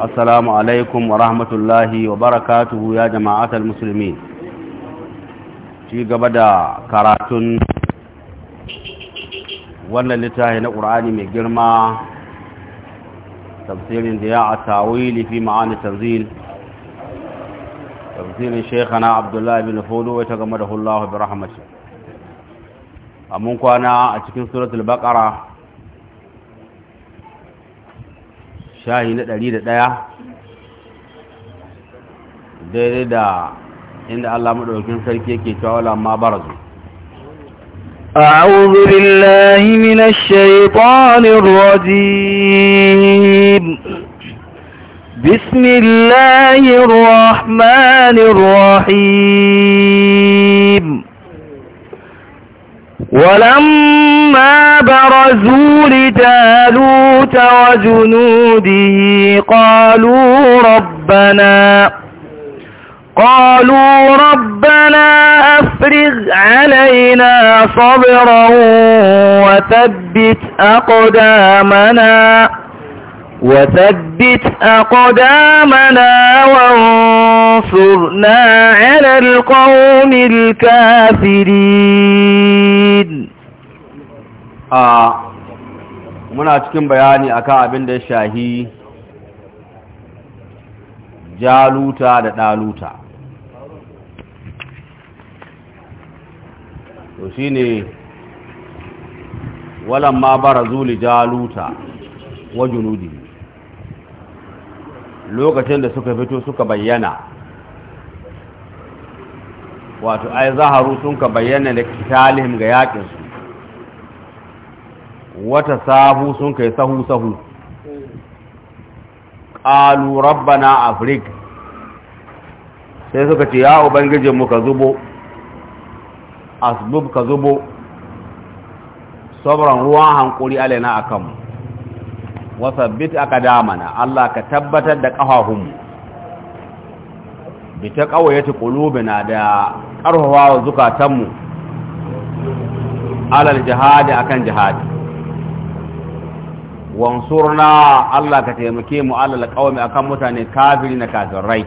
السلام عليكم ورحمة الله وبركاته يا جماعة المسلمين في قبدا كراتون وانا لتاهي القرآن من جرمى تفسير ضياع التاويل في معاني التنزيل تفسير شيخنا عبد الله بن فودو وتغمده الله برحمته أمونكو أنا أتكين سورة البقرة shahi na ɗari da ɗaya daidai da inda Allah maɗaukin sarki yake cewa wala ma barazu أعوذ بالله من الشيطان الرجيم بسم الله الرحمن الرحيم ولما برزوا لجالوت وجنوده قالوا ربنا قالوا ربنا أفرغ علينا صبرا وثبت أقدامنا وثبت أقدامنا وانصرنا على القوم الكافرين آه muna cikin bayani akan abin da ya shahi jaluta da daluta to shine walamma barazu li jaluta wa junudi lokacin da suka fito suka bayyana wato ai zaharu sun ka bayyana da kitalihim ga yaƙinsu wata sahu sun kai sahu-sahu ƙalu rabbana afrik sai suka ce ya ubangijinmu ka zubo asbub ka zubo sabran ruwan hankuri alaina a kanmu wasabbit aqdamana Allah ka tabbatar da ƙahahunmu bi ta qawayati qulubina da ƙarfafa zukatanmu alal jihadi akan jihadi wansurna Allah ka taimake mu alal qawmi akan mutane kafiri na kafirai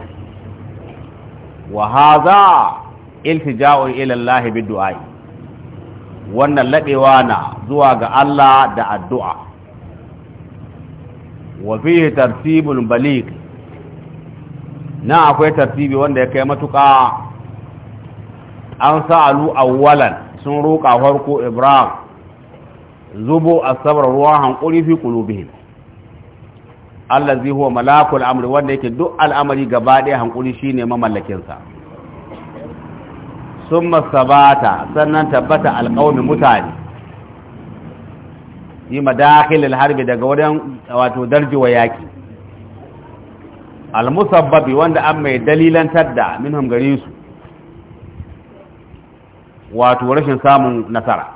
wa hadha iltija'un ila Allah bid wannan labewa na zuwa ga Allah da addu'a wafi tartibul balik na akwai tartibi wanda ya kai matuƙa an sa'alu awwalan sun roƙa farko ibrahim zubo asabar ruwan hankuri fi qulubihim allazi huwa malakul amri wanda yake duk al'amari gaba ɗaya hankuri shine mamallakinsa. Sun summa sabata sannan tabbata alqawmi mutane yi madakhilil harbi daga wajen wato darji wa yaki al-musabbabi wanda an mai dalilan tadda minhum gare su wato rashin samun nasara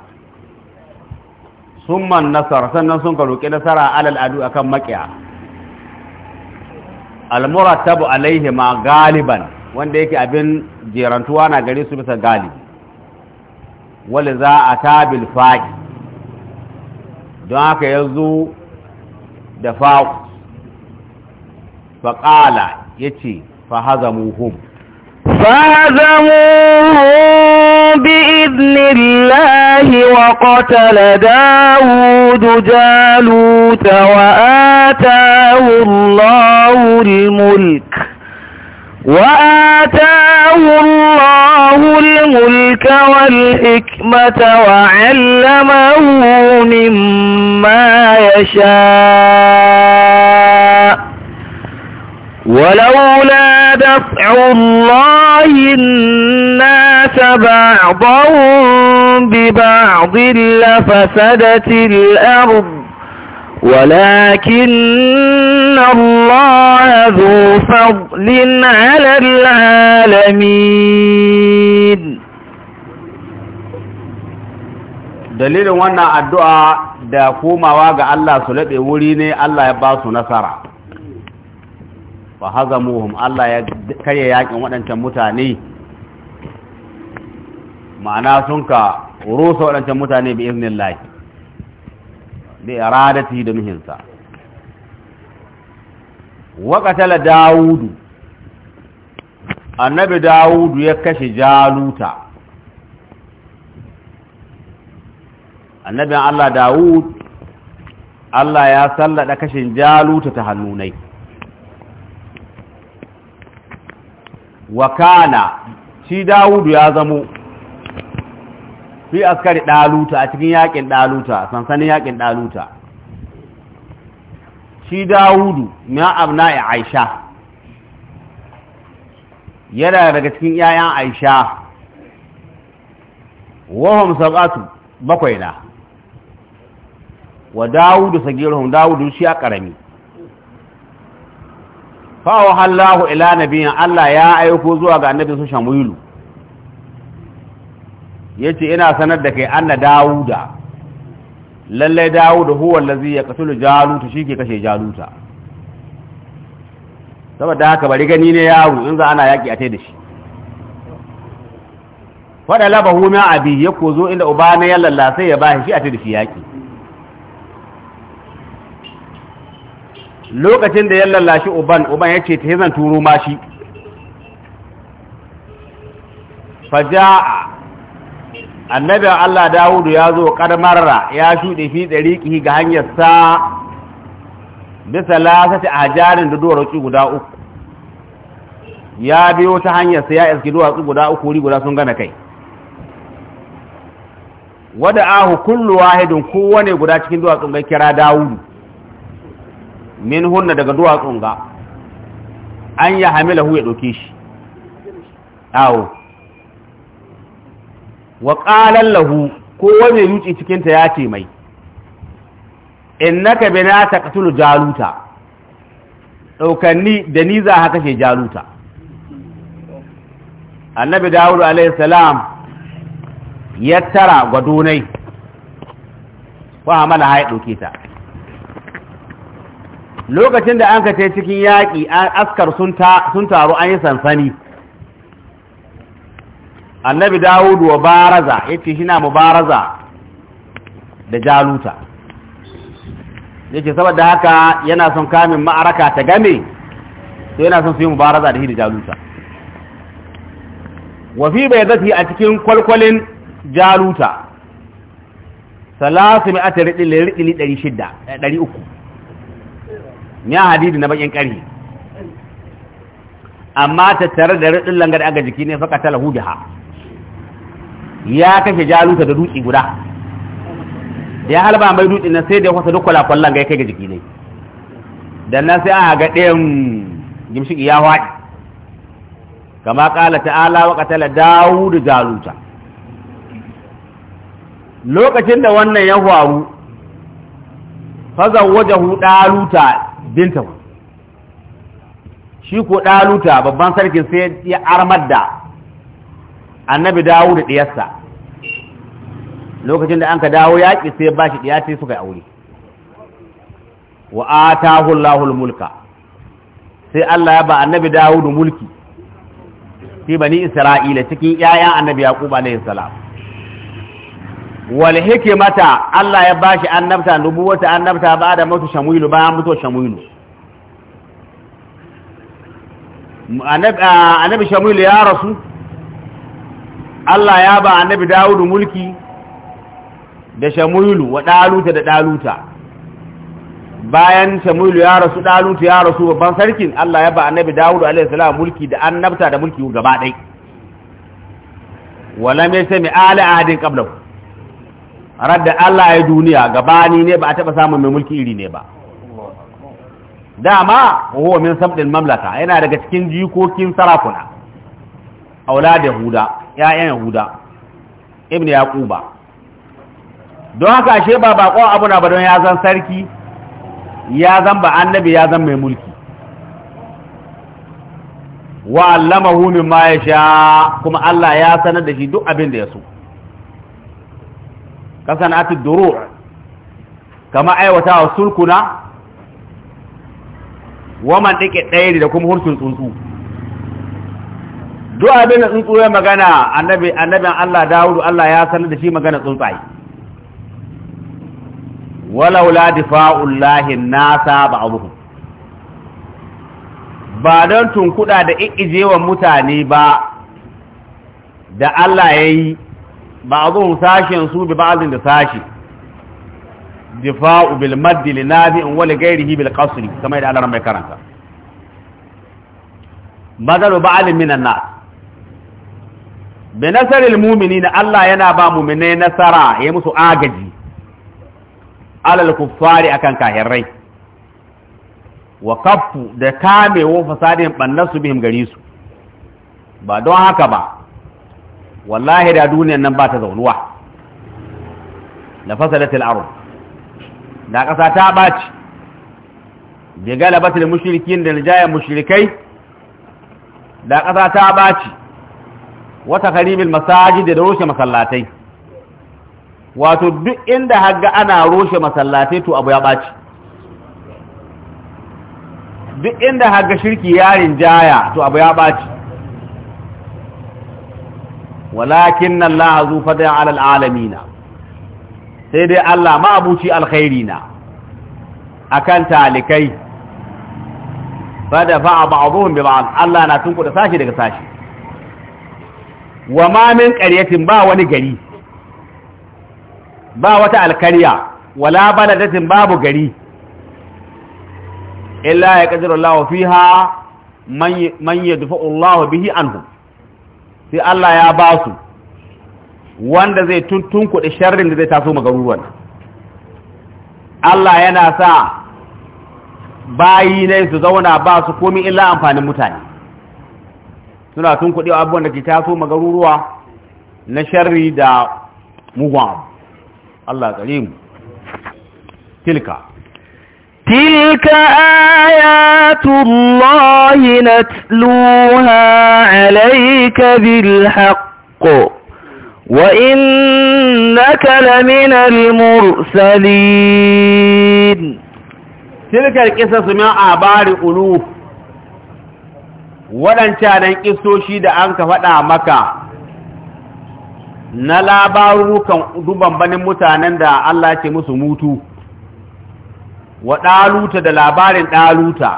summan nasara sannan sun ka roƙi nasara alal adu akan makiya al-murattabu ma galiban wanda yake abin jerantuwa na gare su bisa galibi wal za a tabil faqi don haka ya zo da faƙo faƙala ya ce fahazamuhum fahazamuhum bi idnillahi wa qatala dawudu jaluta wa atahu Allahu al وآتاه الله الملك والحكمة وعلمه مما يشاء ولولا دفع الله الناس بعضهم ببعض لفسدت الأرض ولكن الله ذو فضل على العالمين dalilin wannan addu'a da komawa ga Allah su laɓe wuri ne Allah ya basu nasara ba haza muhim Allah ya karya yakin waɗancan mutane ma'ana sun ka rusa waɗancan mutane bi da iradati da nuhinsa wa qatala daudu annabi daudu ya kashe jaluta annabin Allah daud Allah ya sallada kashin jaluta ta hannunai wa kana shi daudu ya zamo fi askari ɗaluta a cikin yakin ɗaluta sansanin yakin ɗaluta. shi dawudu na a aisha yana daga cikin yayan aisha wahum sab'atu bakwai na wa dawudu sagiruhum dawudu shi a ƙarami. fa wa hallahu ila nabiyyin Allah ya aiko zuwa ga annabi su shamuilu Ya ce ina sanar da kai anna dawuda lallai dawuda huwa allazi kasulu jaluta ke kashe jaluta saboda haka bari gani ne yawo in za ana yaki a tai da shi fada labahu min abi ya ko zo inda uba na yallalla sai ya bashi shi a tai da shi yaki lokacin da yallalla shi uban uban ya ce ta zan turo ma shi faja'a annabin Allah Dawudu ya zo ƙarmarra ya shuɗe fi ɗariƙi ga hanyar sa bisa lasata a jarin da duwatsu guda uku ya biyo ta hanyar sa ya iski duwatsu guda uku wuri guda sun gana kai wada ahu kullu wahidin kowane guda cikin duwatsun ga kira Dawudu min hunna daga duwatsun ga an ya hamila hu ya ɗauke shi awo wa qalan lahu ko wani yuci cikin ta ya ce mai innaka bina taqtulu jaluta daukanni da ni za haka kashe jaluta annabi dawud alayhi salam ya tara gwadonai ko amala ya dauke ta lokacin da an ka cikin yaƙi askar sun taru an yi sansani annabi dawud wa baraza yace shi na mubaraza da jaluta yace saboda haka yana son kamin ma'araka ta game sai yana son su yi mubaraza da shi da jaluta wa fi baydati a cikin kwalkwalin jaluta salasu mai ata ni ɗari shida eh, ɗari uku a hadidi na bakin ƙari amma tattare da riɗin langar aga jiki ne faka talahu biha ya kashe jaruta da dutse guda da ya halba mai dutse na sai da ya fasa duk kwalakwallon ga ya kai ga jiki ne da nan sai aka ga ɗayan gimshi ya haɗi kama ƙala ta'ala wa ƙatala dawo da jaruta. lokacin da wannan ya faru fazan wajahu ɗaluta bintahu shi ko ɗaluta babban sarkin sai ya armar da annabi dawo da ɗiyarsa lokacin da an ka dawo yaƙi sai ba shi ɗiya sai suka yi aure wa atahu Allahul mulka sai Allah ya ba annabi dawo da mulki fi bani Isra'ila cikin ƴaƴan annabi Yaqub alayhi salam wal hikmata Allah ya bashi annabta nubuwata annabta ba da mutu shamuilu an mutu shamuilu annabi shamuilu ya rasu Allah ya ba annabi Dawudu mulki da shamuilu wa Daluta da Daluta bayan shamuilu ya rasu Daluta ya rasu babban sarkin Allah ya ba annabi Dawudu alaihi salam mulki da annabta da mulki gaba ɗai wala mai mai ala adin qablahu radda Allah ya duniya gabani ne ba a taba samun mai mulki iri ne ba dama huwa min sabdin mamlaka yana daga cikin jikokin sarakuna aulad huda. 'ya'yan yahuda ibn yaquba don haka ashe ba bakon abu na ba don ya zan sarki ya zan ba annabi ya zan mai mulki wa allamahu mimma yasha kuma Allah ya sanar da shi duk abin da ya so kasan ati duru kama aiwata wa sulkuna wa man dike da kuma hurtun tsuntsu Du'a abin da tsuntsu magana annabi annabin Allah Dawudu Allah ya sanar da shi magana tsuntsaye walau la difa'ullahi nasa ba'dhu ba don tunkuda da ikijewa mutane ba da Allah yayi zo sashen su bi ba'dhin da sashi difa'u bil madd li nabi'in wa ghairihi bil qasri kamar da Allah mai karanta badalu ba'al minan nas bi nasaril mu'minina Allah yana ba mu'minai nasara ya musu agaji alal kuffari akan kahirai wa kafu da wa fasadin bannasu bihim gari su ba don haka ba wallahi da duniyan nan ba ta zaunuwa la fasadatil ardh da ƙasa ta baci bi galabatil mushrikin da rijayan mushrikai da ƙasa ta baci wata karimil masajid da rushe masallatai wato duk inda haga ana rushe masallatai to abu ya ɓaci duk inda haga shirki yarin jaya to abu ya ɓaci walakin nan la'azu fadaya alal alamina sai dai Allah ma'abuci alkhairi na akan talikai fada fa'a ba'dhum bi ba'd Allah na tunku da sashi daga sashi wa ma min qaryatin ba wani gari ba wata alkarya wala baladatin babu gari illa ya qadiru Allah fiha man yadfa Allah bihi anhu, sai Allah ya ba su wanda zai kuɗi sharrin da zai taso magaruruwan Allah yana sa bayi ne su zauna ba su komi illa amfanin mutane suna tun kudi abubuwan da ke taso magaruruwa na sharri da mugun Allah karim mu tilka تلك آيات الله نتلوها عليك بالحق وإنك لمن المرسلين تلك القصص من أعبار ألوف waɗancanan ƙistoshi da an ka faɗa maka na labarukan banin mutanen da Allah ke musu mutu wa ɗaluta da labarin ɗaluta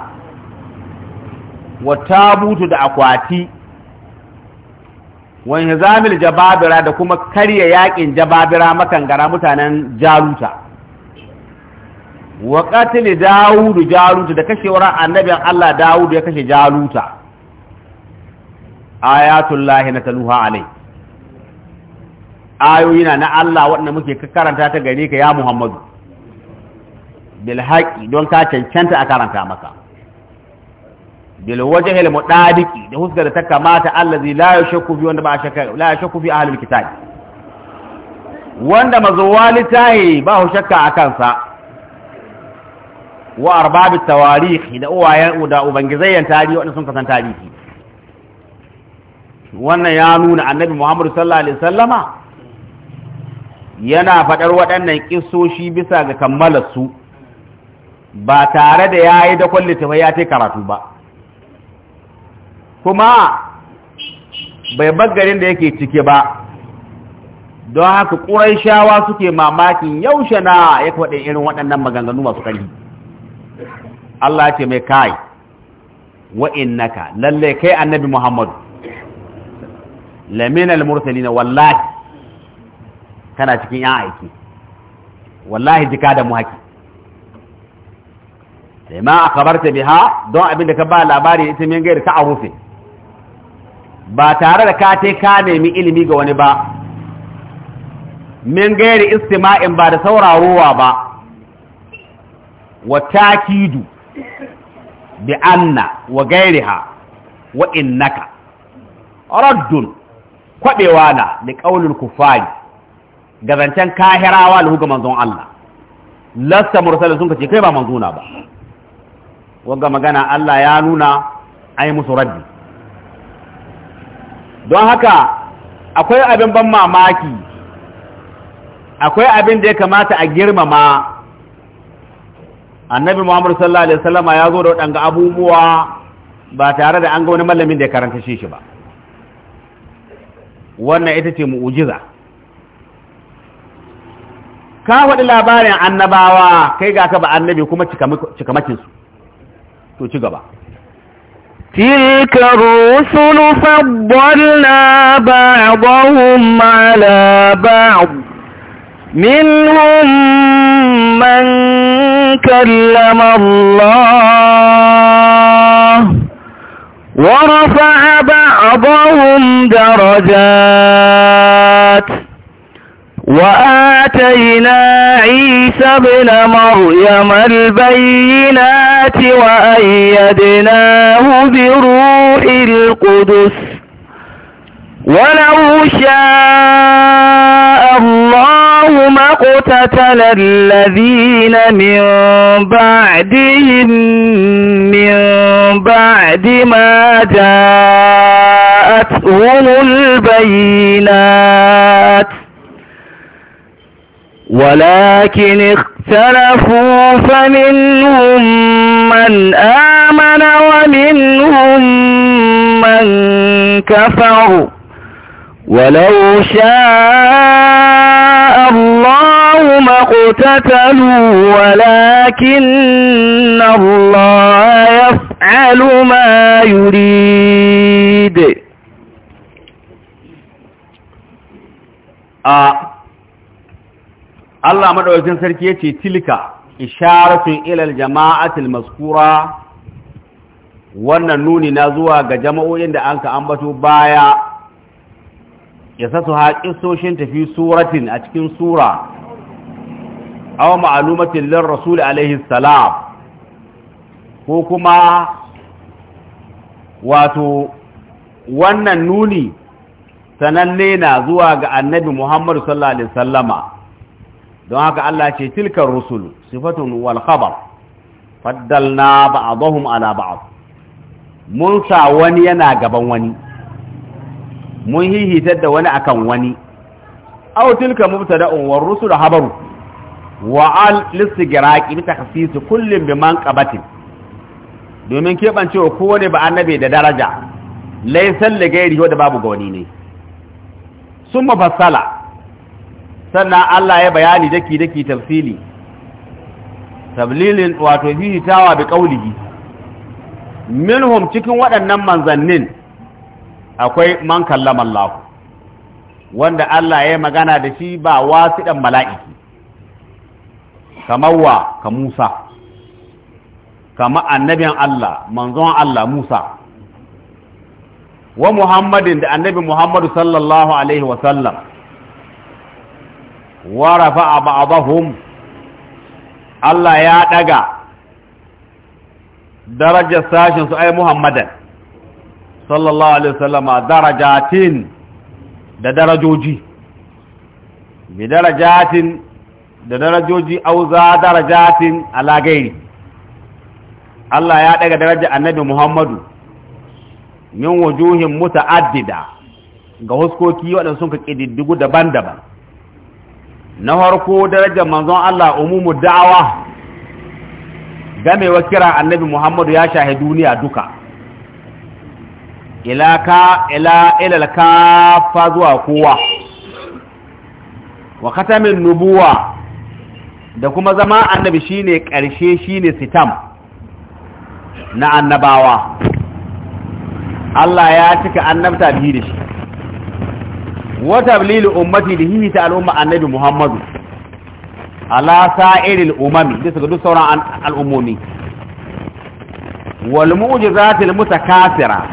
wa tabutu da akwati wa zamil jababira da kuma karya yakin jababira gara mutanen jaluta wa ƙatili dawudu jaluta da kashewar annabin Allah dawudu ya kashe jaluta ayatullahi na taluha alai ayoyi na na Allah waɗanda muke karanta ta gare ka ya Muhammadu bilhaƙi don ka cancanta a karanta maka bil waje wajhil mudadiki da huskar ta kamata Allah allazi la ku fi wanda ba shakka la yashakku fi ahlul kitab wanda mazuwali tayi ba hu shakka a kansa wa arbabit tawarikh da uwayen da ubangizayyan tarihi wanda sun kasan tarihi wannan ya nuna annabi Muhammadu sallallahu alaihi sallama yana faɗar waɗannan ƙisoshi bisa ga kammalarsu ba tare da ya yi dakon littafai ya ce karatu ba kuma bai bagarin da yake cike ba don haka ƙuraishawa suke mamakin yaushe na ya kwaɗe irin waɗannan maganganu masu ƙarfi Allah ce mai kai wa'in naka lallai kai annabi Muhammadu laminal mursalina wallahi kana cikin yan aiki wallahi jika da mu haki sai ma akabarta biha don abin da ka ba labari ita min gairi rufe. ba tare da ka te ka nemi ilimi ga wani ba min gairi istima'in ba da saurarowa ba wa takidu bi anna wa gairiha wa innaka raddun kwaɓewa na da ƙaunin kufari ga zancen kahirawa da hukumar manzon Allah lasta mursalin sun kace kai ba manzuna ba wanga magana Allah ya nuna ai musu rabbi. don haka akwai abin ban mamaki akwai abin da ya kamata a girmama annabi Muhammad sallallahu alaihi wasallama ya zo da waɗanga abubuwa ba tare da an ga wani malamin da ya karanta shi ba wannan ita ce mu'ujiza ka faɗi labarin annabawa kai ga ka ba annabi kuma cikamakinsu to ci gaba تلك الرسل ba a على بعض منهم man kallama Allah. ورفع بعضهم درجات وآتينا عيسى ابن مريم البينات وأيدناه بروح القدس ولو شاء قتل الذين من بعدهم من بعد ما جاءتهم البينات ولكن اختلفوا فمنهم من آمن ومنهم من كفر ولو شاء الله القوم اقتتلوا ولكن الله يفعل ما يريد Allah madawacin sarki yace tilka إشارة ilal jama'atil maskura wannan nuni na zuwa ga jama'o'in da an ka ambato baya ya sasu haƙi soshin tafi suratin a cikin sura aw ma'lumatin lir rasul alaihi salam ko kuma wato wannan nuni sananne na zuwa ga annabi Muhammad sallallahu alaihi wasallama don haka Allah ce tilkar rusul sifatun wal khabar faddalna ba'dahum ala ba'd mun sa wani yana gaban wani mun hihitar da wani akan wani aw tilka mubtada'un war rusul habaru wa'al giraƙi bi takhsisi kullum bi manqabatin domin keɓancewa kowane ba annabi da daraja laisan li da babu ga ne sun mafassala sannan Allah ya bayani daki daki tafsili tablilin wato hihitawa bi qaulihi minhum cikin waɗannan manzannin akwai man kallama Allah wanda Allah ya magana da shi ba wasu ɗan mala'iki kamar wa ka Musa kama annabin Allah manzon Allah Musa wa Muhammadin da annabi Muhammadu sallallahu alaihi wa Allah ya ɗaga darajar sashen su ai Muhammadan sallallahu alaihi wa darajatin da darajoji bi darajatin da darajoji auza darajatin alagairi Allah ya daga daraja annabi Muhammadu min wujuhin muta'addida ga huskoki waɗanda sun ka ƙididdigu daban-daban na farko darajar manzon Allah umumu da'awa gamewa kira annabi Muhammadu ya shahi duniya duka ila ka ila ila ka fa zuwa kowa wa khatamin nubuwa da kuma zama annabi shine ƙarshe shine sitam na annabawa Allah ya cika annabta biyu da shi Wata tablilu ummati hini ta al'umma annabi Muhammadu ala sa'iril umami bisa ga duk sauran al'ummomi wal mu'jizatil mutakasira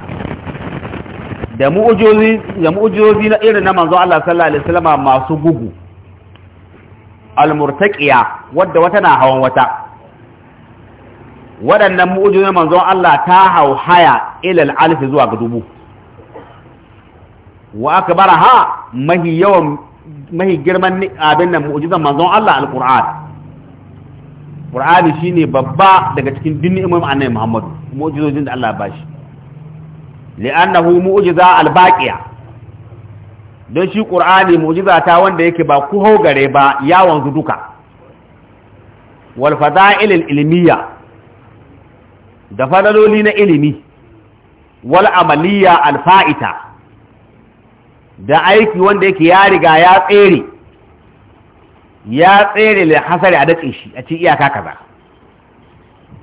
da mu'ujizozi da mu'ujizozi na irin na manzo Allah sallallahu alaihi wasallam masu gugu almurtaqiya wadda wata na hawan wata waɗannan mu'ujizan manzon Allah ta hau haya ilal alif zuwa ga dubu wa akbara ha mahi yawan mahi girman abin nan mu'ujizan manzon Allah alquran qur'ani shine babba daga cikin dinin imam annabi Muhammad mu'ujizojin da Allah ba shi li'annahu mu'jiza albaqiya don shi ƙur'ani mujiza ta wanda yake ba ku gare ba yawon duka wal fada'il ilmiya da fadaloli na ilimi wal amaliya alfa'ita da aiki wanda yake ya riga ya tsere ya tsere da hasari a datse shi a ci iyaka kaza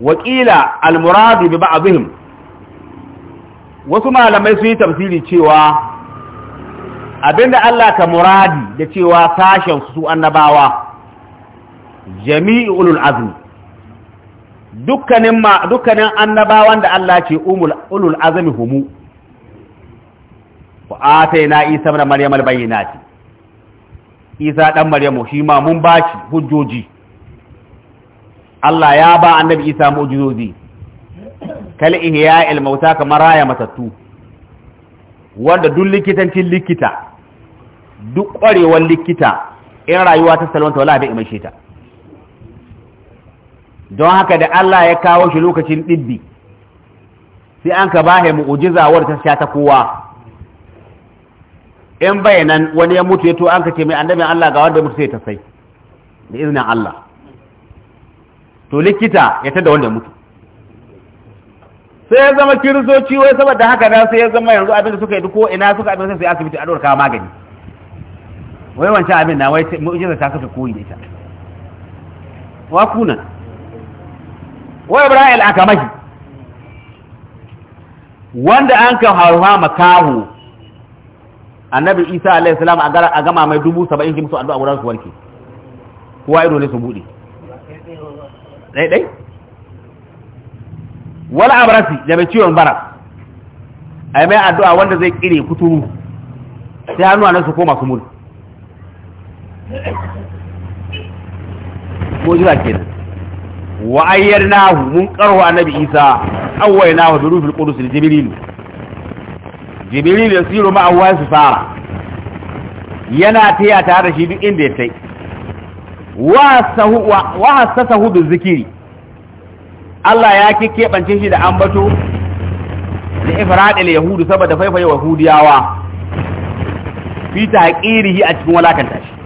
wakila al bi ba'dihim wasu malamai sun yi tafsiri cewa abinda Allah ka muradi da cewa sashen su annabawa jami'ul azmi dukkanin ma dukkanin annabawan da Allah ce umul ulul azmi humu wa ataina isa ibn maryam al bayyinati isa dan maryamu shi ma mun bashi hujjoji Allah ya ba annabi isa mu'jizozi kal ihya al mauta kamar raya matattu wanda duk likitancin likita duk ƙwarewar likita in rayuwa ta salwanta wala bai imashe ta don haka da Allah ya kawo shi lokacin ɗibbi sai an ka bahe mu'ujiza wadda ta sha ta kowa in bayanan wani ya mutu ya to an ka ce mai annabin Allah ga wanda mutu sai ta sai da izinin Allah to likita ya tada wanda mutu sai ya zama kirisoci wai saboda haka nan sai ya zama yanzu abin da suka yi ko ina suka abin sai asibiti a ɗora magani wai wancan abin na wai mu'jiza ta kafa koyi da ita wa kuna wa ibrahim akamashi wanda an ka haruwa makahu annabi isa alayhi salam a gama mai dubu saba'in ki musu addu'a wurin su warke kowa ido ne su bude dai dai wala abrasi da mai ciwon bara ai mai addu'a wanda zai kire kuturu sai a nan su koma su mulki mu'jiza kenan wa ayyarnahu mun qarwa annabi isa awwaynahu bi ruhil qudus li jibril jibril yasiru ma wa fara. yana taya tare da shi duk inda ya tai wa hassasahu bi zikiri Allah ya bance shi da ambato da al yahudu saboda faifaye yahudiyawa fi taqirihi a cikin walakanta shi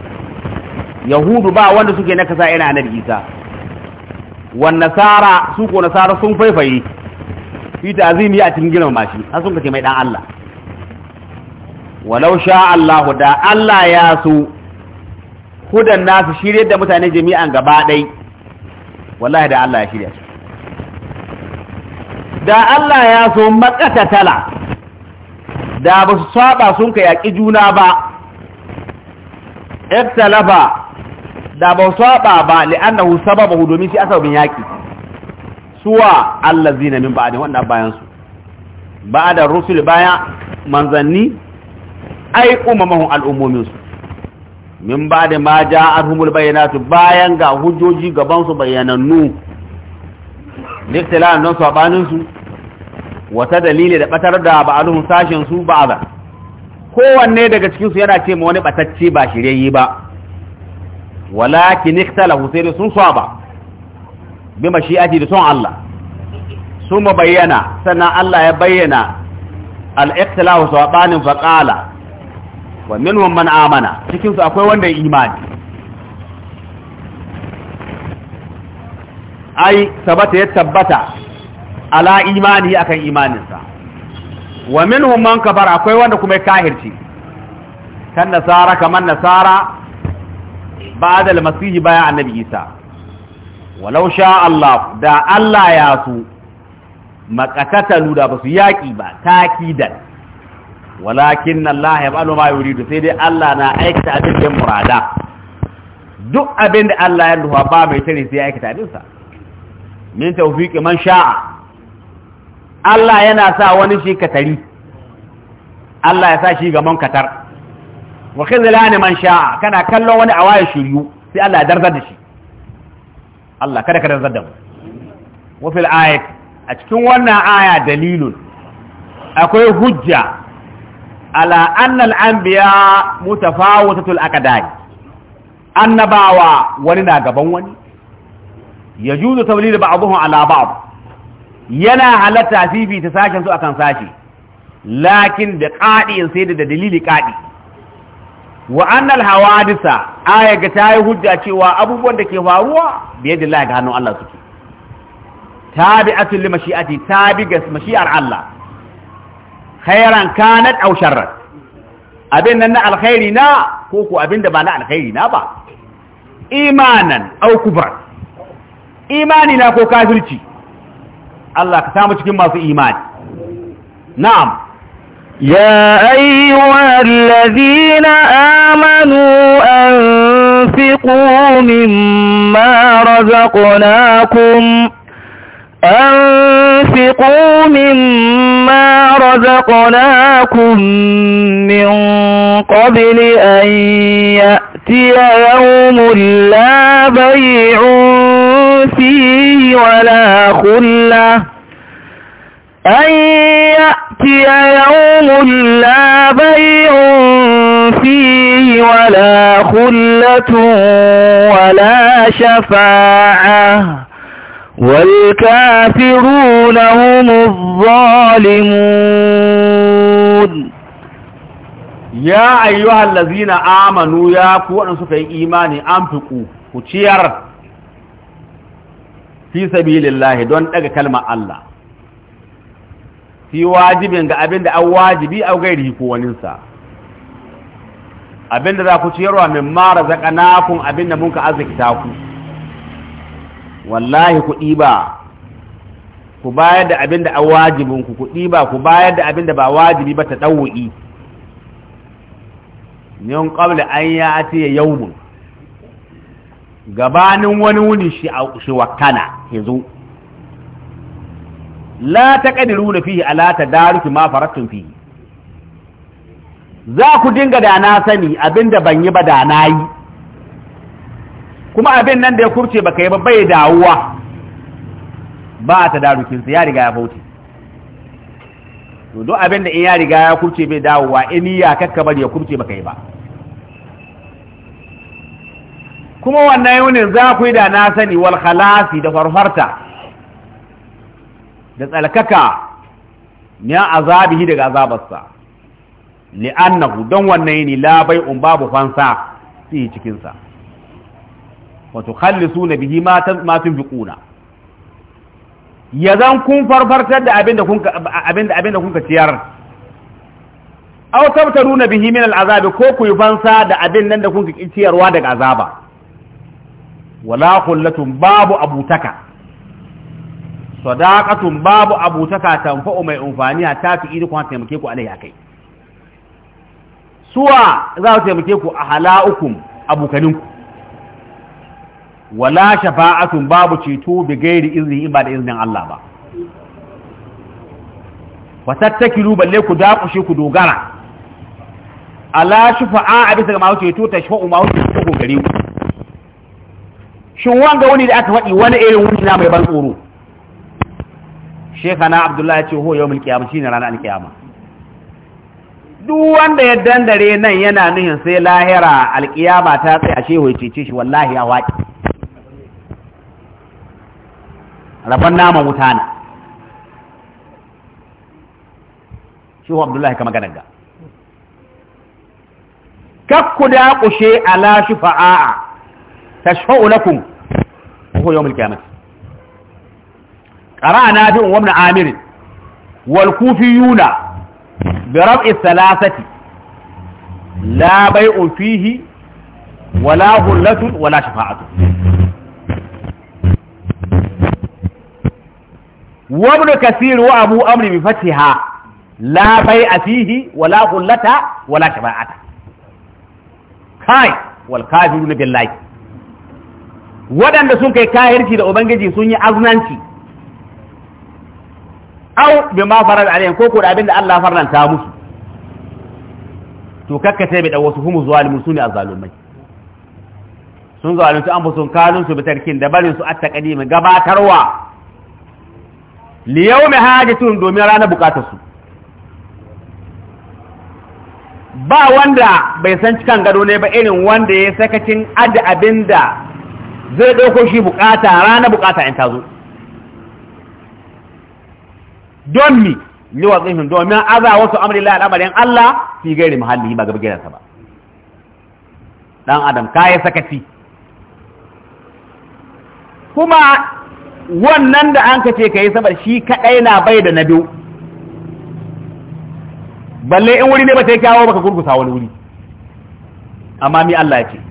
yahudu ba wanda suke na kasa yana anar isa wan nasara su ko nasara sun faifaye fi ta'zimi a cikin girman shi har sun kace mai dan Allah walau sha Allah da Allah ya so hudan nasu shirye da mutane jami'an gaba dai wallahi da Allah ya shirya da Allah ya so tala da ba su saba sun kai yaki juna ba iktalafa da ba saba ba li'annahu sababahu domin shi bin yaki suwa allazina min ba'di wanda bayan su ba'da rusul baya manzanni ai umamahum al'ummomin su min ba'di ma ja'atuhumul bayanatu bayan ga hujjoji gaban su bayanannu diktilan don abanin su wata dalili da batar da ba'aluhum sashin su ba'da kowanne daga cikin su yana ce ma wani batacce ba shirye ba walakin iktalahu sai dai sun saba bi mashi'ati da son Allah sun bayyana sannan Allah ya bayyana al-iktilahu sabanin fa qala wa minhum man amana cikin su akwai wanda ya imani ai sabata ya tabbata ala imani akan imaninsa wa minhum man kafara akwai wanda kuma ya kahirci kan nasara kaman nasara ba da almasihi bayan annabi isa walau Allah da Allah ya su makatatalu da basu yaƙi ba takidan walakin Allah ya ba'alu ma yuridu sai dai Allah na aikata abin murada duk abinda da Allah ya ba mai tare ya aikata abin sa min tawfiqi man sha'a Allah yana sa wani shi katari Allah ya sa shi ga man katar wa khizlani man sha'a kana kallon wani a waye shiryu sai Allah ya darzar da shi Allah kada ka darzar da mu wa fil ayat a cikin wannan aya dalilun akwai hujja ala anna al anbiya mutafawatatul aqdari annabawa wani na gaban wani yajuzu tawlid ba'dhum ala ba'd yana halatta fifi ta sashen su akan sashi lakin da qadi sai da dalili qadi wa annal hawadisa aya ga ta yi hujja cewa abubuwan da ke faruwa biye da Allah ga hannun Allah suke tabi'atul mashi'ati tabi ga mashi'ar Allah khairan kanat aw sharran abin nan na alkhairi na ko ko abin da ba na alkhairi na ba imanan aw kufran imani na ko kafirci Allah ka samu cikin masu imani na'am يا أيها الذين آمنوا أنفقوا مما رزقناكم أنفقوا مما رزقناكم من قبل أن يأتي يوم لا بيع فيه ولا خلة أن يأتي يوم لا بيع فيه ولا خلة ولا شفاعة والكافرون هم الظالمون يا أيها الذين آمنوا يا كوانا سكي إيماني أنفقوا كتير في سبيل الله دون أجا كلمة الله fi wajibin ga abin da an wajibi a gairi ko waninsa abin da za ku ciyarwa min mara zakanakun abin da mun ka arzikta ku wallahi ku ɗiba ku bayar da abin da an wajibin ku ku ɗiba ku bayar da abin da ba wajibi ba ta ɗauwa'i yin ƙabla an ya ati yaumun gabanin wani wuni shi wakana ya zo la taqdiruna fihi ala tadaruki ma farattum fihi za ku dinga da na sani abinda ban yi ba da na yi kuma abin nan da ya kurce baka yi ba bai dawowa ba a tadarukinsa ya riga ya bauti to don abin da in ya riga ya kurce bai dawowa in ya kakka bari ya kurce baka yi ba kuma wannan yunin za ku yi da na sani wal khalasi da farfarta da tsalkaka ya azabihi daga azabarsa li'annahu don wannan yini la un babu fansa fi cikin sa wa tukhallisuna bihi ma ma tunfiquna yazan kun farfartar da abinda kun abinda ciyar, au ciyar na bihi min al'azabi ko ku yi fansa da abin nan da kun ciyarwa daga azaba wala kullatun babu abutaka sadaqatun babu abutaka tanfa'u mai umfaniya ta fi idu kuma taimake ku alai akai suwa za su taimake ku a hala'ukum abokaninku wala shafa'atun babu ceto bi gairi izini in ba da izinin Allah ba tattakilu balle ku dakushe ku dogara ala shufa'a a bisa ga mawu ceto ta shafa'u mawu ceto ku gare ku shin wanga wani da aka faɗi wani irin wani na mai ban tsoro shekana abdullahi ya ce ho yawmul qiyamah shine ranar alkiyama duk wanda ya dandare nan yana nuhin sai lahira alkiyama ta a shehu ya cece shi wallahi ya waƙi rabon naman wuta na shehu abdullahi kama ganaga kakku da kushe ala shufa'a tashfa'u lakum ko yawmul qiyamah قرأ نافع وابن عامر والكوفيون برفع الثلاثة لا بيع فيه ولا غلة ولا شفاعة وابن كثير وابو امر بفتحها لا بيع فيه ولا غلة ولا شفاعة كاي والكافرون بالله waɗanda sun kai kahirci da ubangiji sun yi aznanci aw bima farad alaihim ko ko da abinda Allah farlanta musu to kakka sai bi da wasu humu zalimun sune azzalumai sun zalunci an fusun kanun su bitarkin da barin su atta kadimi gabatarwa li yawmi hajatun domin ranar bukatar su ba wanda bai san cikan gado ne ba irin wanda ya sakacin adda abinda zai dauko shi bukata ranar bukata in ta zo don mi liwa tsihin domin aza wasu amri la al'amarin Allah fi gairi muhalli ba ga gidansa ba dan adam kai sakaci kuma wannan da an kace kai sabar shi kaɗai na bai da na biyu balle in wuri ne ba ta kyawo baka gurgusa wani wuri amma mi Allah ya ce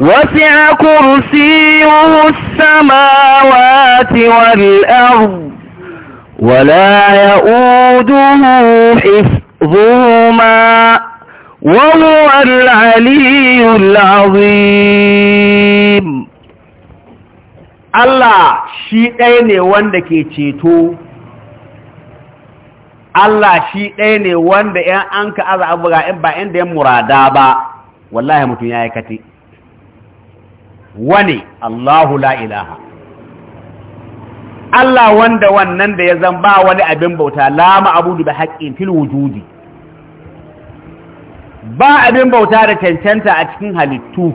وسع كرسيه السماوات والأرض ولا يؤوده حفظهما وهو العلي العظيم Allah shi ɗaya ne wanda ke ceto Allah shi ɗaya ne wanda ‘yan anka ka aza abu ba inda ya murada ba wallahi mutum ya yi kati wane Allahu la ilaha Allah wanda wannan da ya zan ba wani abin bauta la ma'budu bi haqqin fil wujudi ba abin bauta da cancanta a cikin halittu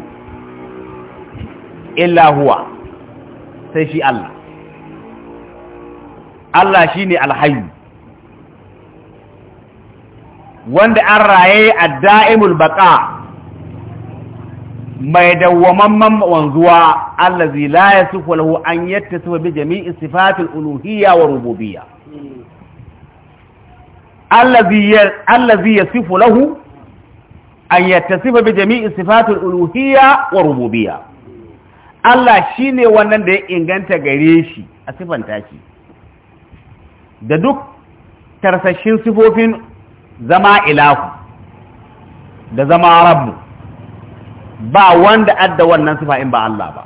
illa huwa sai shi Allah Allah shine alhayyu wanda an raye a da'imul baka mai dawwamamman wanzuwa allazi la yasifu lahu an yattasifa bi jami'i sifatil uluhiyya wa rububiyya allazi allazi yasifu lahu an yattasifa bi jami'i sifatil uluhiyya wa rububiyya Allah shine wannan da ya inganta gare shi a sifanta shi da duk tarsashin sifofin zama ilahu da zama rabbu ba wanda adda wannan sifa in ba Allah ba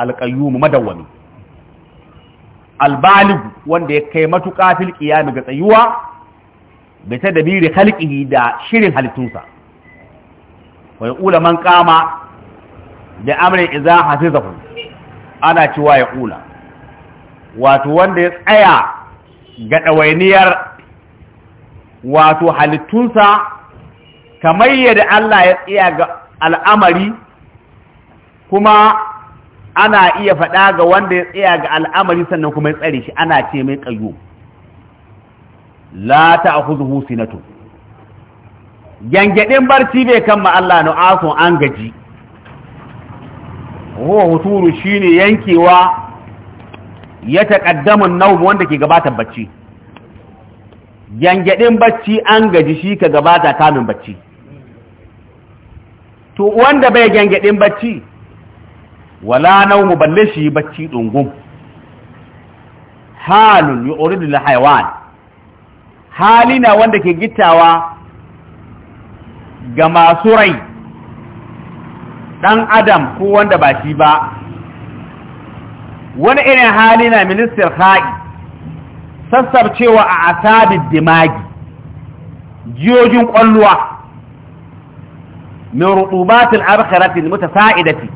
alqayyum madawwami albalig wanda ya kai matuƙa fil qiyami ga tsayuwa bi tadbiri khalqihi da shirin halittunsa wa yaqula man qama bi amri idza hafizahu ana cewa ya kula wato wanda ya tsaya ga ɗawainiyar wato halittunsa kamar yadda Allah ya tsaya ga al'amari kuma ana iya faɗa ga wanda ya tsaya ga al'amari sannan kuma ya tsare shi ana ce mai ƙayyo la na sinatu gyangyaɗin barci bai kan Allah na asun an gaji ruwa huturu ne yankewa ya taƙaddamun naum wanda ke gabatar barci gyangyaɗin barci an gaji shi ka gabata kamin barci to wanda bai gyangyaɗin bacci wala mu balle shi bacci dungum halun da haiwan Hali na wanda ke gittawa ga masu rai ɗan adam ko wanda ba shi ba wani irin hali na ministir ha'i sassarcewa a asabin dimagi jiyojin kwalluwa min rutubatil akhiratil mutasa'idati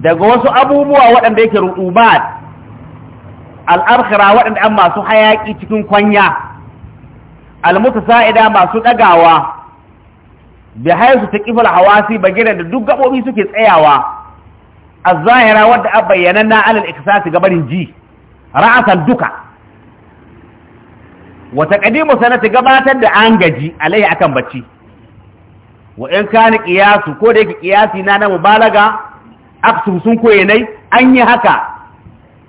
daga wasu abubuwa waɗanda yake rutubat al-akhira waɗanda an masu hayaki cikin kwanya al-mutasa'ida masu dagawa bi haisu taqiful hawasi bagira da duk gabobi suke tsayawa az-zahira wadda a bayyana na alal iksasi gabarin ji ra'asan duka wa taqdimu sanati gabatar da an gaji alai akan bacci wa in kana qiyasu ko da yake qiyasi na na mubalaga aksu sun koye nai an yi haka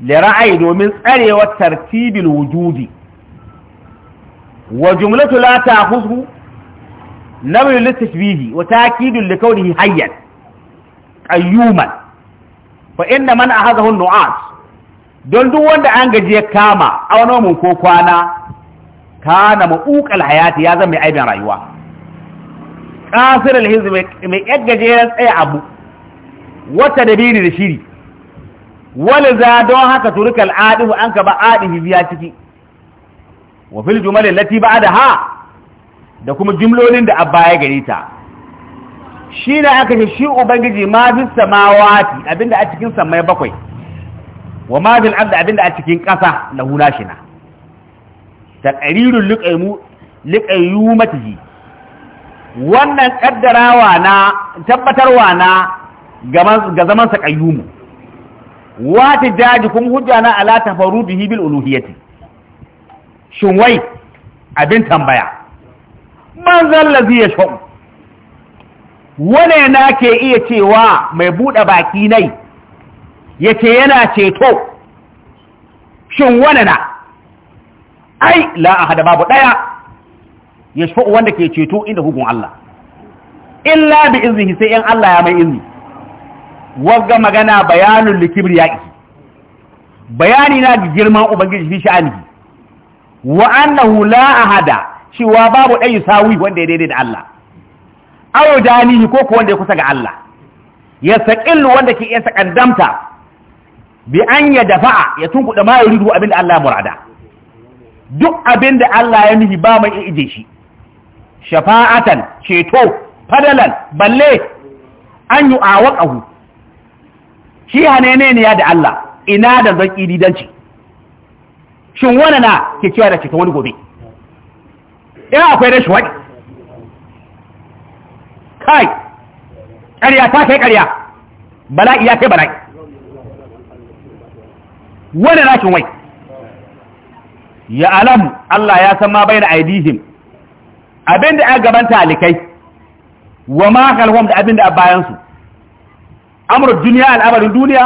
li ra'ayi domin tsarewa tartibil wujudi wa jumlatu la ta'khudhu nabi litashbihi wa ta'kidun li kawnihi hayyan qayyuman fa inna man ahadahu nu'as don duk wanda an gaji ya kama a wani mun ko kwana kana ma'uqal hayati ya zama aibin rayuwa kasir alhizu mai ya tsaye abu wata da biri da shiri wani za don haka turka al'adihu an ka ba adihi biya ciki wa fil jumalin lati ba da ha da kuma jimlolin da abba ya gari ta shi na aka ce shi ubangiji ma fi samawati abinda a cikin samai bakwai wa ma fi al'adda abinda a cikin ƙasa na hula shi na ta ƙarirun liƙayyu matiji wannan kaddarawa na tabbatarwa na ga zaman sa qayyumu wa kuma kun hujja na ala bihi bil uluhiyyati shin wai abin tambaya man zallazi ya shau wane na ke iya cewa mai buɗe baki nai yace yana ceto shin wane na ai la ahada babu ɗaya. yashfa'u wanda ke ceto inda hukun Allah illa bi izini sai in Allah ya mai izini wagga magana bayanul likibriyai bayani na girman ubangiji fi sha'anihi wa annahu la ahada cewa babu dai sawi wanda ya daidai da Allah ayo danihi ko ko wanda ya kusa ga Allah ya saqil wanda ke iya sakandamta bi an ya dafa'a ya da ma yuridu abinda Allah ya murada duk abinda Allah ya nihi ba mai ije shi shafa'atan ceto fadalan balle an yi awaqahu shi hanene ne ya da Allah ina da zaki ci? shin wani na ke cewa da ceto wani gobe ina akwai rashin waɗi kai ƙarya ta kai ƙarya bala'i ya kai bala'i wani rashin wai ya alamu Allah ya san ma bai da aidihim abin da aka gaban talikai wa ma kalhum da abin da a bayan su amru duniya al'amarin duniya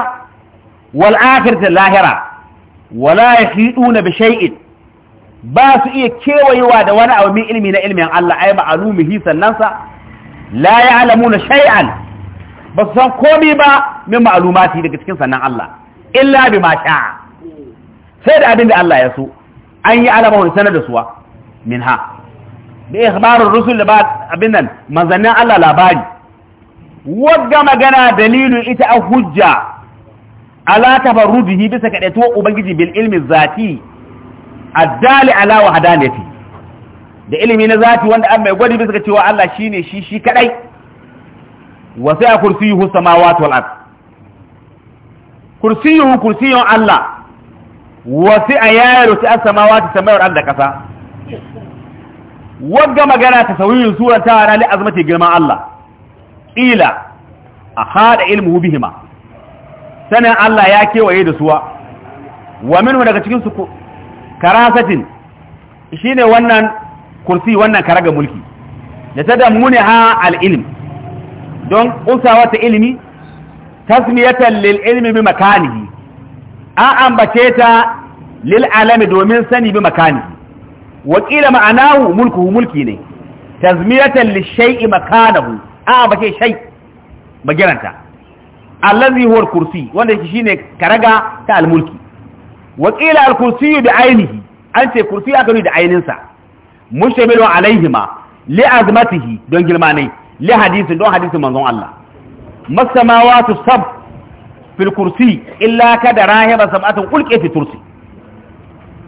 wal akhirati lahira wala yahiduna bi shay'in ba su iya kewayewa da wani abu min ilmi na ilmin Allah ai ma'alumihi sannan sa la ya'lamuna shay'an ba su san komai ba min ma'alumati daga cikin sannan Allah illa bi ma sha'a sai da abin da Allah ya so an yi alama sanar da suwa minha da ikhbarur rusul da ba abin nan manzannin Allah labari wagga magana dalilin ita a hujja ala tafarrudihi bisa kadaito ubangiji bil ilmi zati addali ala wahdaniyati da ilimi na zati wanda an mai gwadi bisa cewa Allah shine shi shi kadai wa sa'a kursiyuhu samawati wal ard kursiyuhu kursiyun Allah wa sa'a yaru sa'a samawati samawar ard da kasa wadda magana ta sauyin sura ta rana li azmati girman Allah ila a hada ilmuhu bihima sanin Allah ya kewaye da suwa wa minhu daga cikin su karasatin shine wannan kursi wannan karaga mulki da ta damune ha al-ilm don usawa ta ilimi tasmiyatan lil ilmi bi makanihi an ambace ta lil alami domin sani bi makanihi wakila ma'anahu mulkuhu mulki ne tazmiyatan lishai'i makanahu a ba ce shai magiranta allazi huwa kursi wanda yake shine karaga ta almulki wakila kursi bi ainihi an ce kursi aka da ainihinsa mushtamilun alaihima li azmatihi don girma ne li hadisin don hadisin manzon Allah masamawatu sab fil kursi illa kada rahiba sab'atun ulqiya fi tursi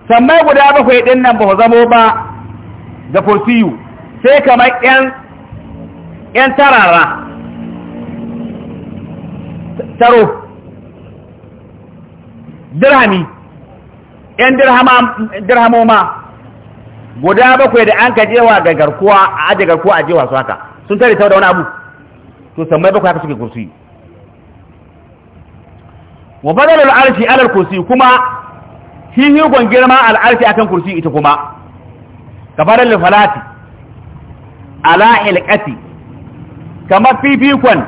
sammai guda bakwai ɗin nan ba zamo ba da kursiyu sai kamar ‘yan tarara taro dirhami ‘yan dirhamoma guda bakwai da an kajewa ga garkuwa a aje garkuwa a jewa su haka sun tare da wani abu to sammai bakwai haka suke kursi wa fadalar arshi alar kursi kuma hihigon girma al'arfi akan kursi ita kuma kafarar lufalati ala ilkati kamar fifikon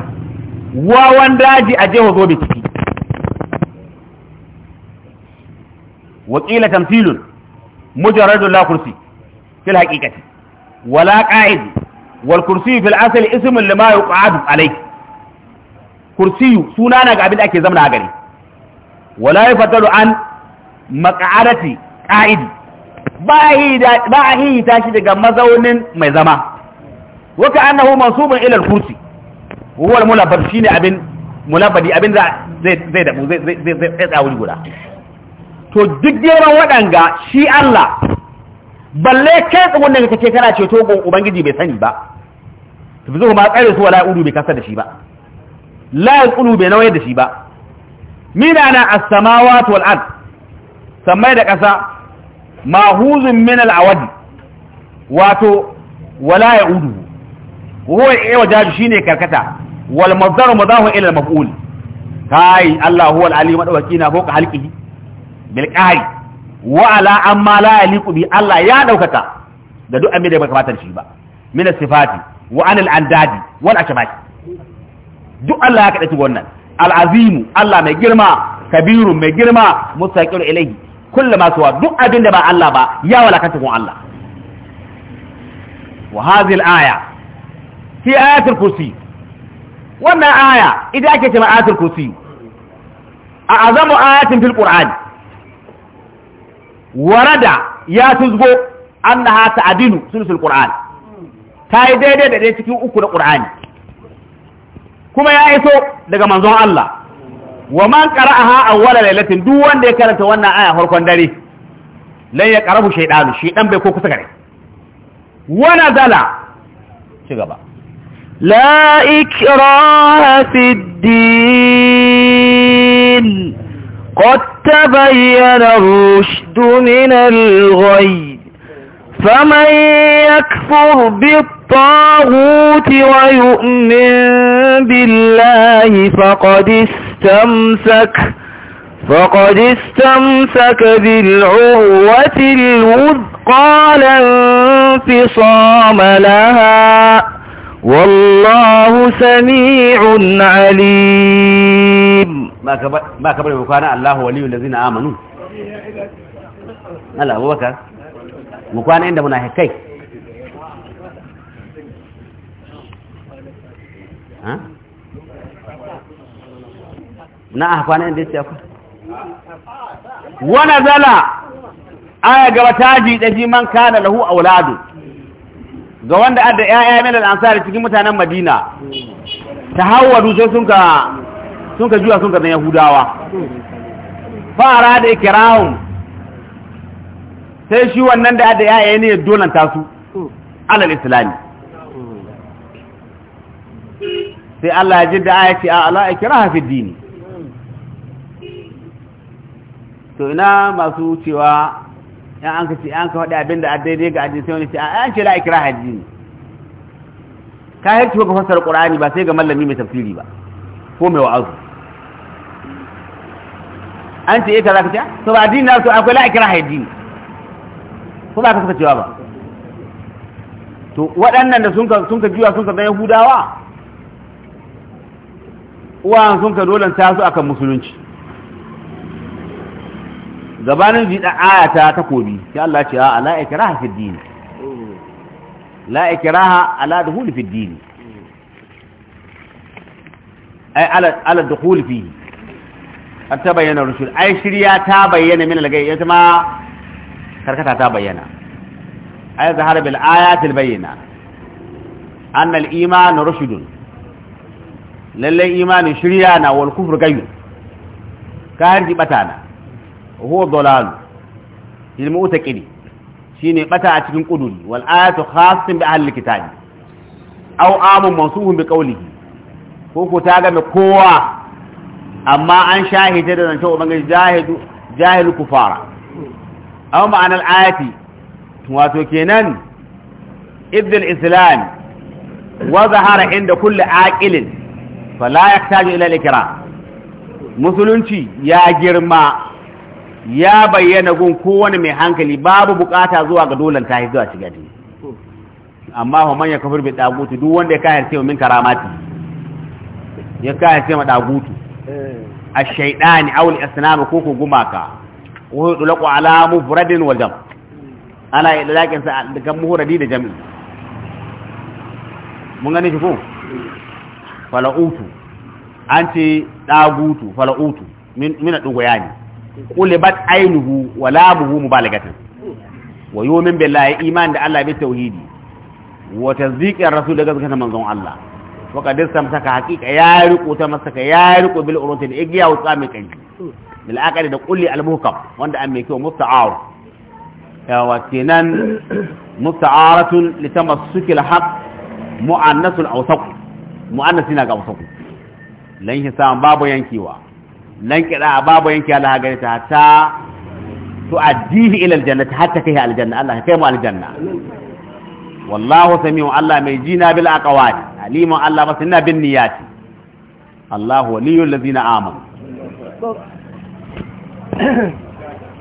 wawan daji a jeho zobe ciki wakila tamsilun mujarradun na kursi fil haqiqati wala qa'id wal kursi fil asl ismun lima yuqadu kursiyu sunana ga abin da ake zama a gari wala yafadalu an maƙa'arati qa'id ba a yi tashi daga mazaunin mai zama waka annahu mansubun ila al-kursi huwa al shi ne abin mulabadi abin da zai zai zai zai zai tsawuri guda to duk yawan waɗanga shi Allah balle kai tsawon da kake kana ce to ubangiji bai sani ba to zuwa ma tsare su wala udu bai kasa da shi ba la yaqulu bai nawayar da shi ba mina na as-samawati wal ard sammai da ƙasa mahuzun min al'awad wato wala ya udu huwa ya wajaju shine karkata wal mazdaru madahu ila al maf'ul kai Allah huwa al alim madawaki na fawqa halqihi bil wa ala amma la yaliqu bi Allah ya daukata da duk abin da bai kamata shi ba min sifati wa an al andadi wal ashbah duk Allah ya kada wannan al azim Allah mai girma kabirun mai girma mustaqil ilayhi kulle masu wa duk abin da ba Allah ba ya walakanta kun Allah wa hazil aya fi ayatul kursi wannan aya ita ake cewa ayatul kursi a azamu ayatin fil qur'ani warada ya tuzgo annaha ta'dilu sulusul qur'an ta yi daidai da dai cikin uku na qur'ani kuma ya iso daga manzon Allah wa man qara'aha awwala lailatin duk wanda ya karanta wannan aya farkon dare lan ya qarahu shaytanu shaytan bai ko kusa gare wa nazala ci gaba la ikraha fid din qad tabayyana rushdu min al-ghayb faman yakfur bit الطاغوت ويؤمن بالله فقد استمسك استمسك فقد استمسك بالعروة الوثقى لا انفصام لها والله سميع عليم ما كبر ما كبر الله ولي الذين آمنوا هلا أبو بكر مكوانا عند مناهكي ها na a hafa na inda ya ce wana zala aya gaba taji da shi man kana lahu auladu ga wanda adda ƴaƴa min al-ansari cikin mutanen Madina tahawwadu sai sun ka sun ka juya sun ka Yahudawa fara da ikrahum sai shi wannan da adda ƴaƴa ne dolan tasu alal islami sai Allah ya jidda da ayati a ala ikraha fi dini to ina masu cewa yan an kace an ka faɗi abin da daidai ga addini sai wani ce an ce la ikra addini ka yi ga fassara qur'ani ba sai ga mallami mai tafsiri ba ko mai wa'azu an ce ita eh, ka ce to ba addini na so akwai la ikra addini ko ba ka saka cewa ba to waɗannan da sun ka sun juya sun ka zai yahudawa uwa sun ka dolanta su akan musulunci gabanin ji da aya ta takobi sai Allah ce a la ikraha fi din la ikraha ala dukhul fi din ay ala ala dukhul fi an bayyana rusul ay shirya ta bayyana min al gayyata ma karkata ta bayyana ay zahara bil al bayyina an al iman rushudun lalle imani shirya na wal kufr gayu ka harji batana huwa dalal lil mu'taqidi shine bata a cikin quduri wal ayatu khassin bi ahli kitabi aw amun mansuhun bi qawlihi ko ta ga kowa amma an sha shahida da zance ubangiji jahidu jahil kufara Au ma'anar ayati wato kenan ibn islam wa zahara inda kulli aqilin fala yahtaji ila al-ikram musulunci ya girma ya bayyana gun kowane mai hankali babu bukata zuwa ga dolan ta zuwa ci gadi amma ho manya ya kafir bi dagutu duk wanda ya kayar cewa min karamati ya kayar cewa dagutu eh. ash-shaytani aw al-asnam ko ko gumaka wa yudlaqu ala mufradin wa jam ana idlakin sa daga muhradi da jam'i mun gane shi ko fala'utu an ce dagutu fala'utu min min dugo yani qulibat ainihu wa lamuhu mubalagatan wa yu'min billahi iman da Allah bi tauhidi wa tasdiqir rasul daga zakata manzon Allah wa qad istamsaka haqiqa ya riqo ta masaka ya riqo bil urunti da igiya wa tsami kanki bil aqali da kulli al muhkam wanda an meke mufta'ar musta'ar wa kinan musta'aratun litamassuki al haqq mu'annasul awsaq mu'annasina ga awsaq lan hisa babu yankewa lan kira babu yanki Allah gare ta ta tu'addihi ila aljannati hatta kai aljanna Allah kai mu aljanna wallahu samiu Allah mai jina bil aqwali alimu Allah masanna bin niyati Allah waliyul ladina amanu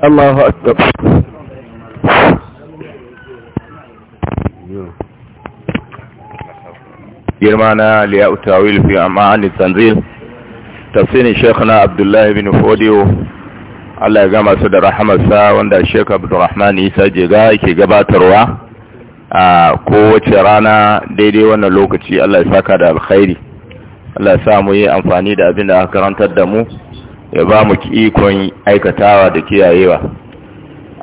Allahu akbar girma na liya utawil fi amma an tanzil tafsirin shekuna abdullahi bin fodiyo allah ya gama su da rahamarsa wanda shek abdurrahman isa jega yake gabatarwa a kowace rana daidai wannan lokaci allah ya saka da alkhairi allah ya samu yi amfani da abin da aka karantar da mu ya ba mu ikon aikatawa da kiyayewa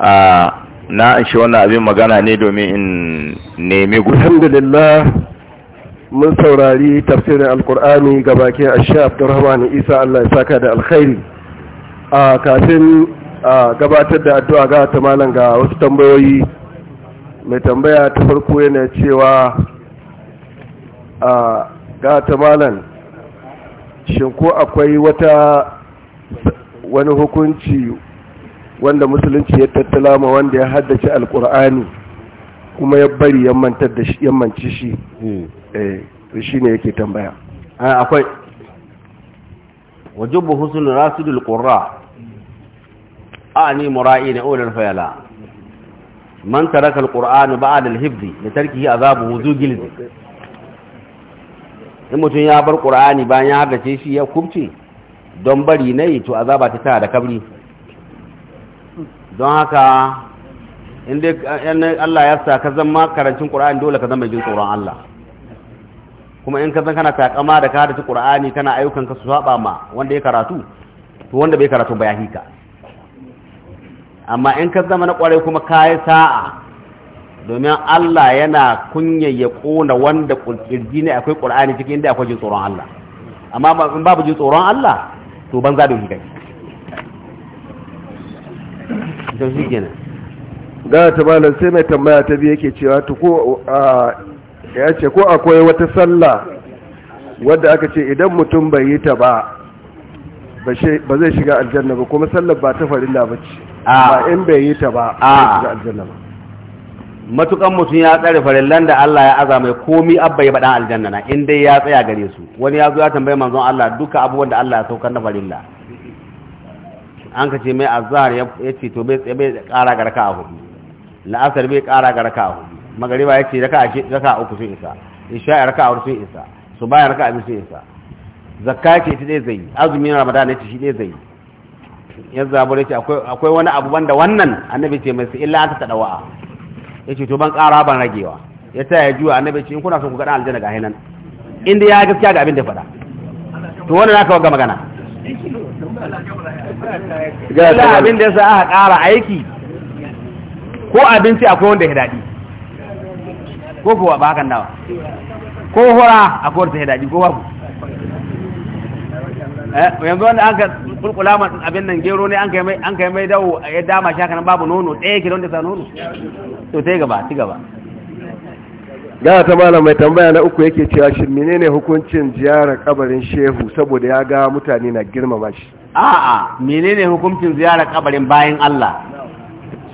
a na shi wannan abin magana ne domin in nemi lallah mun saurari tafsirin alkur'ani ga bakin ashe abdurrahman isa allah ya saka da alkhairi a kafin gabatar da addu'a ga ta ga wasu tambayoyi mai tambaya ta farko yana cewa a ga ta shin ko akwai wata wani hukunci wanda musulunci ya tattala ma wanda ya haddace alkur'ani kuma ya bari yammantar da shi yammanci shi hmm. eh shi ne yake tambaya eh, akwai wajibu husnul rasidul qurra mura'i mura'ina ulul fayala man taraka alquran ba'da alhifzi da tarkihi wuzu zugil in mutum ya bar qur'ani bayan ya haddace shi ya kubce don bari nayi to azaba ta da kabri don haka in dai Allah ya sa ka zama karancin Qur'ani dole ka zama jin tsoron Allah kuma in ka zan kana takama da ka hadace Qur'ani kana ayyukan ka su saba ma wanda ya karatu to wanda bai karatu ba ya hika amma in ka zama na ƙwarai kuma ka yi sa'a domin Allah yana kunyayya ƙona wanda kirji ne akwai Qur'ani cikin inda akwai jin tsoron Allah amma in babu jin tsoron Allah to banza da hikai to kenan ga ta malam sai mai tambaya ta biyu yake cewa ta ko ya ce ko akwai wata sallah wadda aka ce idan mutum bai yi ta ba ba zai shiga aljanna ba kuma sallar ba ta farilla ba ce ba in bai yi ta ba zai shiga aljanna ba matukan mutum ya tsare farillan da Allah ya aza mai komi abba ya bada aljanna na in dai ya tsaya gare su wani ya zo ya tambaye manzon Allah duka abubuwan da Allah ya saukar na farilla an ka ce mai azhar ya ce to bai tsaye bai kara garka a hudu la'asar bai kara ga raka hudu magariba ya ce raka'a uku sun isa isha'i raka hudu sun isa su bayan raka biyu sun isa zakka ce ita dai zai azumin ramadan ne ce shi dai zai yanzu zabu ne ce akwai wani abu banda wannan annabi ce mai su illa an ta wa'a ya ce to ban kara ban ragewa ya ta ya juwa annabi ce in kuna son ku ga dan aljanna ga hinan inda ya gaskiya ga abin da faɗa to wannan aka ga magana ga abin da sa aka kara aiki ko abinci akwai wanda ya daɗi ko kuwa ba hakan dawa ko hura akwai wanda ya daɗi ko babu eh, yanzu wanda an ka kulkula masu abin nan gero ne an kai mai mai dawo ya dama shi haka babu nono ɗaya ke da sa nono to sai gaba ci gaba ga ta malam mai tambaya na uku yake cewa shin menene hukuncin ziyarar kabarin shehu saboda ya ga mutane na girmama shi a'a menene hukuncin ziyarar kabarin bayan Allah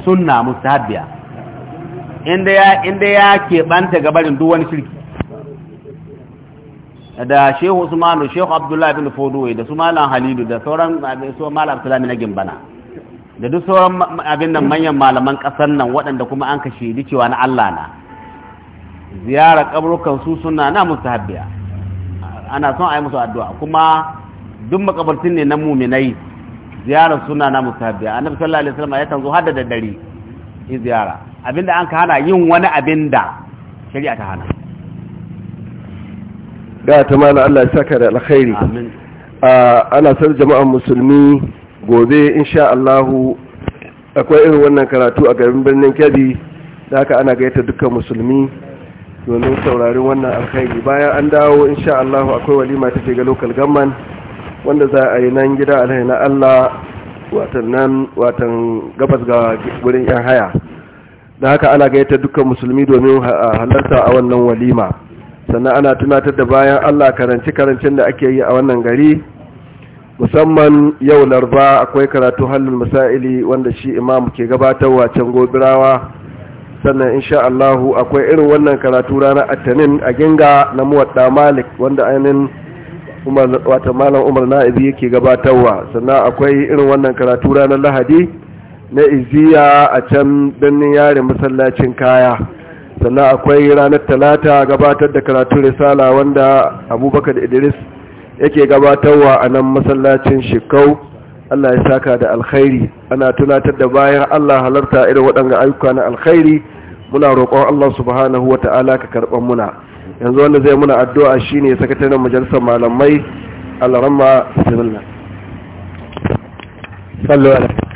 sunna mustahabbiya inda ya inda ya keɓanta gabarin duk wani shirki da shehu usmanu shehu abdullahi bin fodowai da su malam halilu da sauran su malam abdullahi na gimbana da duk sauran abin nan manyan malaman kasar nan waɗanda kuma an kashe da cewa na allah na ziyara kabrukan su suna na mustahabbiya ana son a yi musu addu'a kuma duk makabartin ne na muminai ziyarar suna na musabbi annabi sallallahu alaihi wasallam yakan zo har da daddare yi ziyara abinda an ka hana yin wani abinda shari'a ta hana da ta mana Allah ya saka da alkhairi amin ana san jama'an musulmi gobe insha Allah akwai irin wannan karatu a garin birnin Kebbi da haka ana gaita dukkan musulmi domin saurarin wannan alkhairi bayan an dawo insha Allah akwai walima take ga local government wanda za a yi nan gida alhari na Allah watan nan watan gabas ga wurin yan haya da haka ana gaita dukkan musulmi domin halarta a wannan walima sannan ana tunatar da bayan Allah karanci-karancin da ake yi a wannan gari musamman yau larba akwai karatu halin misa'ili wanda shi imam ke gabatarwa can gobirawa sannan insha Allahu akwai irin wannan karatu ranar Atanin a ginga na muwadda malik wanda ainihin umar wata malam umar na'ibi yake gabatarwa sannan akwai irin wannan karatu ranar lahadi na iziya a can birnin yare masallacin kaya sannan akwai ranar talata gabatar da karatu risala wanda abubakar idris yake gabatarwa a nan masallacin shikau allah ya saka da alkhairi ana tunatar da bayan allah halarta irin waɗanda ayyuka na alkhairi muna roƙon allah subhanahu wa ta'ala ka karɓar muna yanzu wanda zai muna addu'a shine sakataren majalisar malamai al-ramma bismillah alaihi